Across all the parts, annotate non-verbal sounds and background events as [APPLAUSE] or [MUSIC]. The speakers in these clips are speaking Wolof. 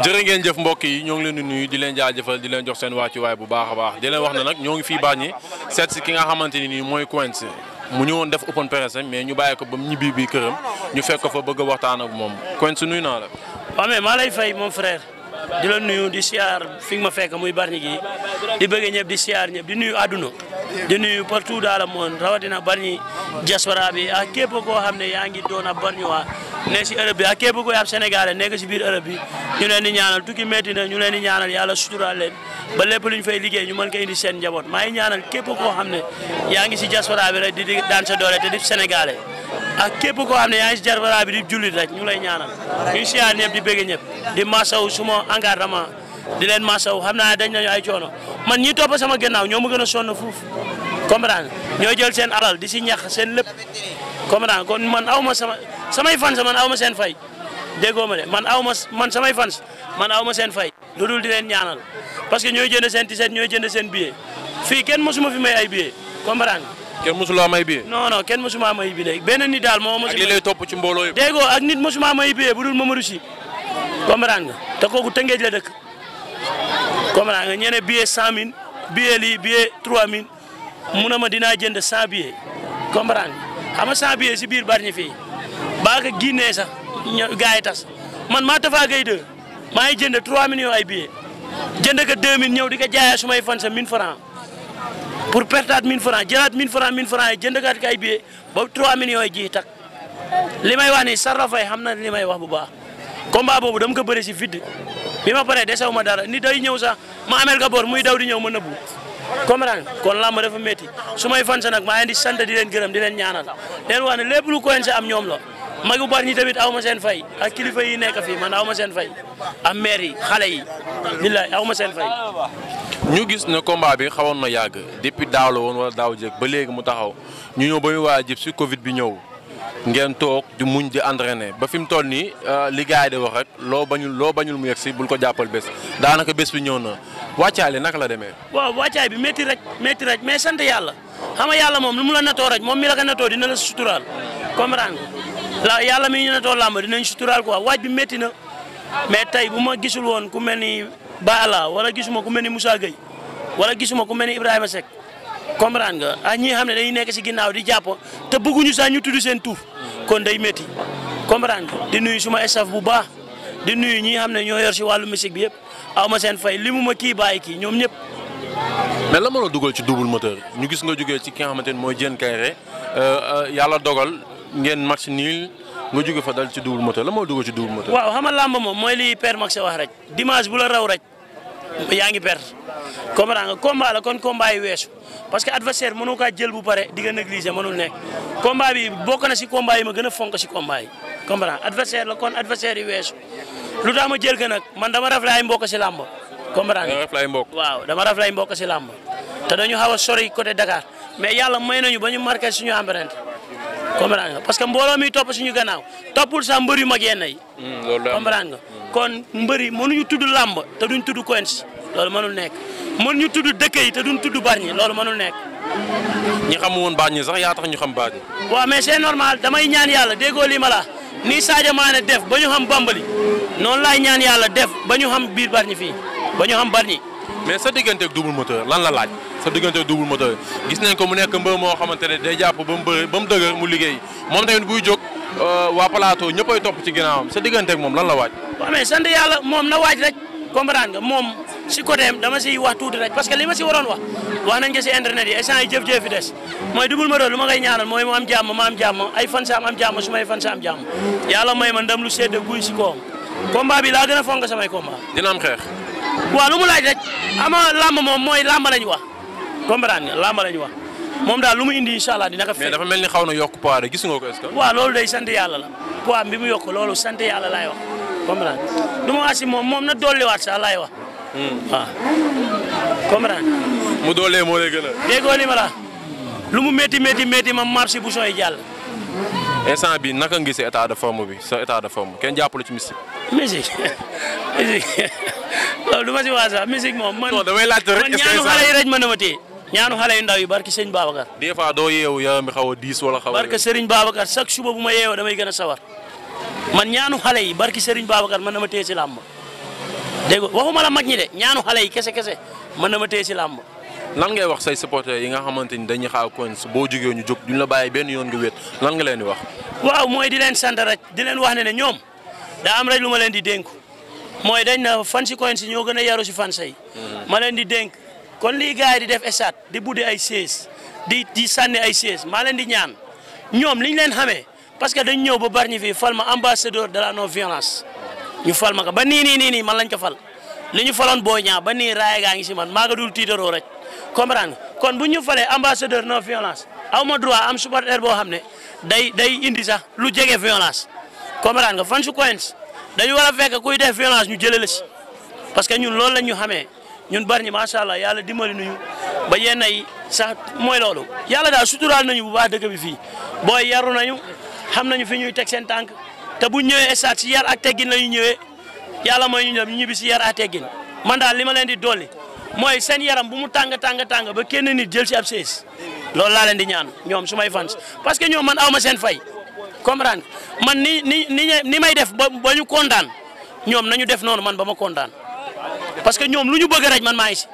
jërë ngeen jëf mbokk yi ñoo ngi leen di nuyu di leen jaajëfal di leen jox seen wàccuwaay bu baax a baax di leen wax ne nag ñoo ngi fi bàññi seet si ki nga xamante ni nii mooy Quench mu ñëwoon def open press mais ñu bàyyi ko ba mu ñibbi bi këram ñu fekk ko fa bëgg a waxtaan ak moom Quench nuyu naa la. waaw mais maa lay fay mon frère di la nuyu di siyaar fi nga ma fekk muy Bargny gi di bëgg ñëpp di siyaar ñëpp di nuyu àdduna di nuyu partout dans le monde rawatina Bargny diaspora bi ak képp koo xam ne yaa ngi doon ab Bargnois ne si Europe bi ak képp koy ab Sénégalais nekk si biir Europe bi ñu leen di ñaanal tukki métti na ñu leen ñaanal yàlla suturaal leen ba lépp fay liggéey ñu mën ko indi seen njaboot maa ngi ñaanal képp koo xam ne yaa ngi si diaspora bi rek di daan sa doole te di Sénégalais ak képp koo xam ne yaa ngi si diaspora di jullit rek ñu lay ñaanal ñu siyaar ñëpp di bëgg ñëpp di masaw suma di leen maasaw xam naa dañ nañu ay coono man ñi topp sama gannaaw ñoo ma gën a sonn fuuf comprendre ñoo jël seen alal di si ñax seen lépp comprendre kon man aw ma sama samay fans man aw ma seen fay déggoo ma de man aw ma man samay fans man aw ma seen fay lu dul di leen ñaanal parce que ñooy jënd seen ticket ñooy jënd seen billet fii kenn mosuma fi may ay billet comprendre kenn mosuloo may billet no non kenn mosuma may billet benn nit daal moo mos ak li lay topp ci mbooloo yi déggoo ak nit mosuma may billet bu dul Mamadou Sy comprendre nga te kooku tëngeej la dëkk comprendre nga ñene billet cent mille billet lii billet trois mille mu ne ma dinaa jënd cent billet comprendre nga xam si biir ñi fii baa ko génnee sax ñoom gars yi tas man maa Tapha Gueye 2 maa ngi jënd trois millions ay billets jënd ko deux mille ñëw di ko jaayee su may fan sa mille francs pour pertaat mille francs jëlaat mille francs mille francs yi jëndkaat ko ay billets ba trois millions yi ji tak li may wax nii Sarrafay xam na li may wax bu baax combat boobu dama ko bëri si vide bi ma paree de desew ma dara ni day ñëw sax ma amel ka muy daw di ñëw ma nëbbu comprendre kon làmb dafa métti su may fan sa nag maa leen di sant di leen gërëm di leen ñaanal leen a ne lépp lu koyen sa am ñoom la magu bar ñi tamit aw ma seen fay ak kilifa yi nekk fii man aw ma seen fay am maire yi xale yi billaay aw ma seen fay ñu gis ne combat bi xawoon na yàgg depuis daaw la woon wala daaw jéeg ba léegi mu taxaw ñu ñëw ba muy waa jib si covid bi ñëw ngeen toog di muñ di entraîné ba fi mu toll nii euh, li gars yi di wax rek loo bañul loo bañul mu yegg si bul ko jàppal bés daanaka bés bi ñëw na wàccaay li naka la deme waaw wàccaay bi métti rek métti rek mais sant yàlla xam nga yàlla moom lu mu la natoo rek moom mi la ko natoo dina la suturaal comprendre la yàlla mi ñu natoo làmb dinañ suturaal quoi waaj bi métti na mais tey bu ma gisul woon ku mel ni Ba wala gisuma ku mel ni Moussa Gueye wala gisuma ku mel ni Ibrahima sek comprendre nga ah ñi xam ne dañuy nekk si ginnaaw di jàpp te bëgguñu sa ñu tudd seen tuuf kon day meti comprendre nga di nuyu suma staff bu baax di nuyu ñi xam ne ñoo yor si wàllu musique bi yëpp aw ma seen fay li mu ma kii bàyyi kii ñoom ñëpp. mais la ma dugal ci double moteur ñu gis nga jógee ci ki nga xamante ne mooy Diène Kairé euh, euh, yàlla dogal ngeen match niil nga jóge fa dal ci double moteur la ma la dugal ci double moteur. waaw xam nga làmb mooy li Père Max wax rek dimanche bu la raw rek. yaa ngi perte comprendre nga combat la kon combat yi weesu parce que adversaire mënoo kaa jël bu pare di nga négliger mënul nekk combat bi bokk na si combat yi ma gën a fonk si combat yi comprendre adversaire la kon adversaire yi lu tax jël ko man dama rafetlu ay mbokk si làmb comprendre waaw dama rafetlu ay mbokk si làmb te dañu xaw a sori côté Dakar mais yàlla may nañu ba ñu marqué suñu empreinte comprendre parce que mbooloo mi topp suñu gannaaw toppul kon mbëri ñu tudd làmb te duñ tudd Quench loolu mënul nekk ñu tudd dëkk yi te duñ tudd Bargny loolu mënul nekk. ñu xamu woon ñi sax yaa tax ñu xam Bargny. waaw mais c'est normal damay ñaan yàlla déggoo lii ma la nii Sadio Mané def ba ñu xam Bambali noonu laay ñaan yàlla def ba ñu xam biir Bargny fii ba ñu xam Bargny. mais sa diggante ak double lan la laaj sa diggante ak double gis nañ ko mu nekk mbër moo xamante ne day jàpp ba mu bëri ba mu dëgër mu liggéey moom tamit buy Euh, waa plateau ñëppay topp ci ginnaawam sa digganteeg moom lan la waaj. waa mais sant yàlla moom na waaj rek comprendre nga moom si côté dama siy wax tuuti rek parce que li ma si waroon wax wax nañ ko si internet yi instant yi jëf-jëf yi des mooy Double Moteur lu ma koy ñaanal mooy mu am jàmm ma am jàmm ay fan saam am jàmm su may fan saam jàmm yàlla may ma ndam lu sedd guy si koom combat bi laa gën a fonk samay combat dina am xeex. waaw lu mu laaj rek ama làmb moom mooy làmb lañ wax comprendre nga làmb lañ wax moom daal lu mu indi incha allah dina ko. mais dafa mel ni xaw na yokk poids rek gis nga ko est-ce que. loolu day sant yàlla la poids bi mu yokk loolu sant yàlla laay wax comprendre du ma asi moom moom na dolliwaat sax laay wax. Hmm. waaw comprendre. mu doolee moo ma la lu mu metti métti métti ma marché bu sooy jàll. instant bi naka ngi sa état de forme bi sa état de forme kenn jàppale ci musique. [LAUGHS] musique musique [LAUGHS] loolu du si wax sax musique moom man. non ñaanu xale yi rek na ma téye. ñaanu xale yu ndaw yi barke Sëriñ Babacar. des fois doo yeewu yaram bi xaw a diis wala xaw a. barke Sëriñ Babacar chaque suba bu ma yeewoo damay gën a sawar man ñaanu xale yi barke Sëriñ Babacar man dama téye si làmb dégg la mag ñi de ñaanu xale yi kese kese man dama téye si làmb. lan ngay wax say supporters yi nga xamante ni dañuy xaar coins boo jógee ñu jóg duñ la bàyyi benn yoon nga wéet lan nga leen di wax. waaw mooy di leen sant rek di leen wax ne ñoom daa am rek lu ma leen di dénk mooy dañ na fan si coins ñoo gën a yaru si fan say mm-hmm. ma leen di dénk kon lii gars di def esat di buddi ay sées di di sànni ay sées maa leen di ñaan ñoom liñ leen xamee parce que dañ ñëw ba Bargny fii fal ma ambassadeur de la non violence ñu fal ma ko ba nii nii nii nii man lañ ko fal li ñu faloon boo ñaa ba nii raaya gaa ngi si man maa nga dul tiitaroo rek comprendre kon bu ñu falee ambassadeur non violence aw ma droit am supporter boo xam ne day day indi sax lu jege violence comprendre nga fan su coins dañu war a fekk kuy def violence ñu jëlee la si parce que ñun loolu la ñu xamee ñun bari ñi macha allah yàlla dimbali nañu ba yenn yi sax mooy loolu yàlla daal suturaal nañu bu baax dëkk bi fii booy yaru nañu xam nañu fi ñuy teg seen tànk te bu ñëwee stade si yar ak teggin la ñu ñëwee yàlla mooy ñu ñoom ñu ñibbi si yar ak teggin man daal li ma leen di dolli mooy seen yaram bu mu tàng tàng tàng ba kenn ni jël si ab sées loolu laa leen di ñaan ñoom su fans parce que ñoom man aw ma seen fay comprendre man ni ni ni ni may def ba ñu kontaan ñoom nañu def noonu man ba ma kontaan. parce que ñoom lu ñu bëgg rek man maa ngi si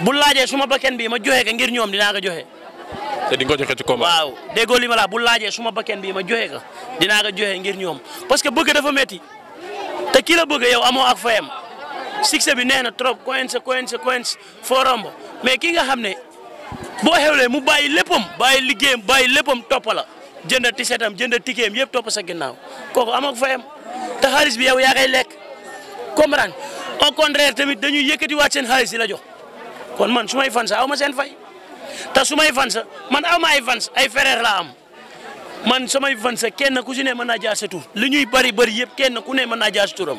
bu laajee su ma bakken bii ma joxe ko ngir ñoom dinaa ko joxe. te di nga ko joxe ci combat. waaw déggoo li ma la bu laajee su ma bakken bii ma joxe ko dinaa ko joxe ngir ñoom parce que bëgg dafa métti te ki la bëgg yow amoo ak fayam succès bi neex na trop coince coince coince foo romb mais ki nga xam ne boo xewlee mu bàyyi léppam bàyyi liggéeyam bàyyi léppam topp la jënd tisetam jënd tikeem yëpp topp sa ginnaaw kooku amoo ak fayam te xaalis bi yow yaa koy lekk comprendre au contraire tamit dañuy yëkkatiwaat seen xaalis si la jo kon man su may fan sa aw ma seen fay te su may fan man aw ma ay fan ay frère la am man samay fan sa kenn ku si ne mën naa jaar sa li ñuy bari bëri yëpp kenn ku ne mën naa jaar sa turam.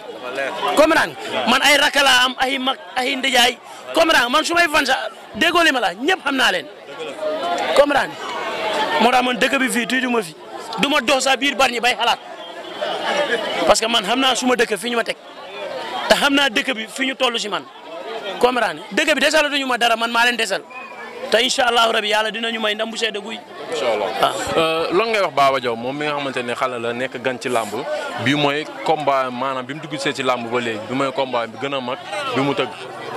comprendre man ay rakk laa am ay mag ay ndijaay comprendre man su may fan sa déggoo ma la ñëpp xam naa leen comprendre moo tax man dëkk bi fii tuuti ma fi du ma dox sa biir bari ñi bay xalaat parce que man xam naa suma ma fi ñu teg. xam naa dëkk bi fi ñu toll si man comprendre dëkk bi ñu ma dara man maa leen desal te incha allahu rabi yàlla dinañu may ndam bu seede guy. incha allah ah. euh, lan ngay wax Baba Diaw moom mi nga xamante ne xale la nekk gan ci làmb bi mooy combat maanaam bi mu dugg see ci làmb ba léegi bi mooy combat bi gën a mag bi mu tëgg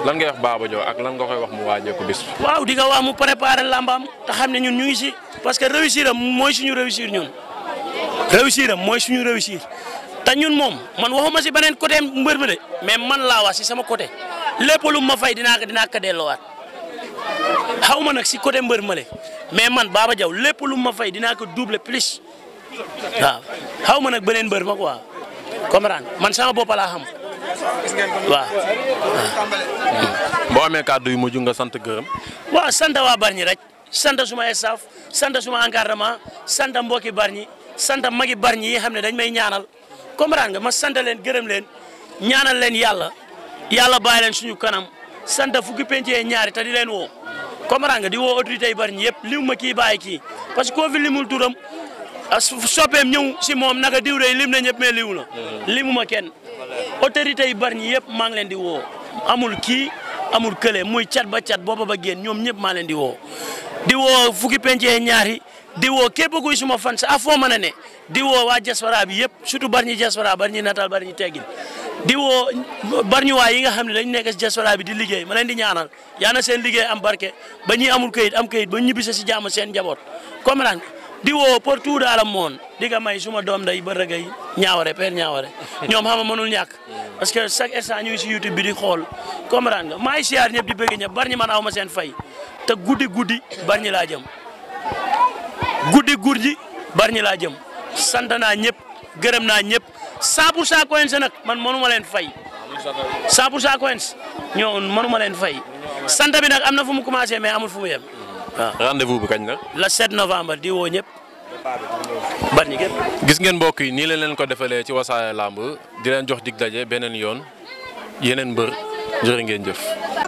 lan ngay wax Baba Diaw ak lan nga koy wax mu waajee ko bis. waaw di nga mu préparer làmbaam te xam ne ñun ñu ngi si parce que réussir am mooy suñu réussir ñun réussir am mooy suñu réussir. te ñun moom man waxuma si beneen côté mbër mi de mais man laa wax si sama côté lépp lu ma fay dinaa ko dinaa ko delloowaat xaw ma nag si côté mbër ma le mais man Baba Diaw lépp lu ma fay dinaa ko double plus waaw xaw ma nag beneen mbër ma quoi comprendre man sama bopp laa xam waaw. boo amee kàddu nga sant gërëm. waaw sant waa Bargny rek sant suma staff sant suma encadrement sant mbokki Bargny sant magi Bargny yi xam ne dañ may ñaanal. comprendre nga ma sant leen gërëm leen ñaanal leen yàlla yàlla bàyyi leen suñu kanam sant fukki pencee ñaari te di leen woo comprendre di woo autorité yi bari ñi yëpp liw ma kii bàyyi kii parce que koo fi limul turam sope ñëw si moom naka diw day lim na ñëpp mais liw na limu ma ken autorité yi bari ñi yëpp maa ngi leen di woo amul kii amul kële muy cat ba cat booba ba génn ñoom ñëpp maa leen di woo di woo fukki pencee ñaari di woo képp kuy suma fan sa ak foo mën a ne di woo waa diaspora bi yëpp surtout bari ñi diaspora bari ñi nataal bari ñi teggin di woo bari ñu waay yi nga xam ne dañu nekk si diaspora bi di liggéey ma di ñaanal yaa seen liggéey am barke ba ñi amul kayit am kayit ba ñibbise si jàmm seen njaboot comme naan di woo pour tout daal moon di nga may suma doom day ba rëgay ñaaware père ñaaware ñoom xam nga mënul ñàkk parce que chaque instant ñu si YouTube bi di xool comprendre nga maa ngi siyaar ñëpp di bëgg ñëpp bari seen fay te guddi guddi bari laa jëm guddi gur ji Bargny laa jëm sant naa ñëpp gërëm naa ñëpp 100 pour 100 Coins nag man mënu ma leen fay. 100 pour 100 Coins ñoo mënu ma leen fay sant bi nag am na fu mu commencé mais amul fu mu yem waaw. rendez-vous bi kañ la. le 7 novembre di woo ñëpp. Bargny gis ngeen mbokk yi nii leen leen ko defalee ci Wassare Lamb di leen jox dig daje beneen yoon yeneen mbër jërë ngeen jëf.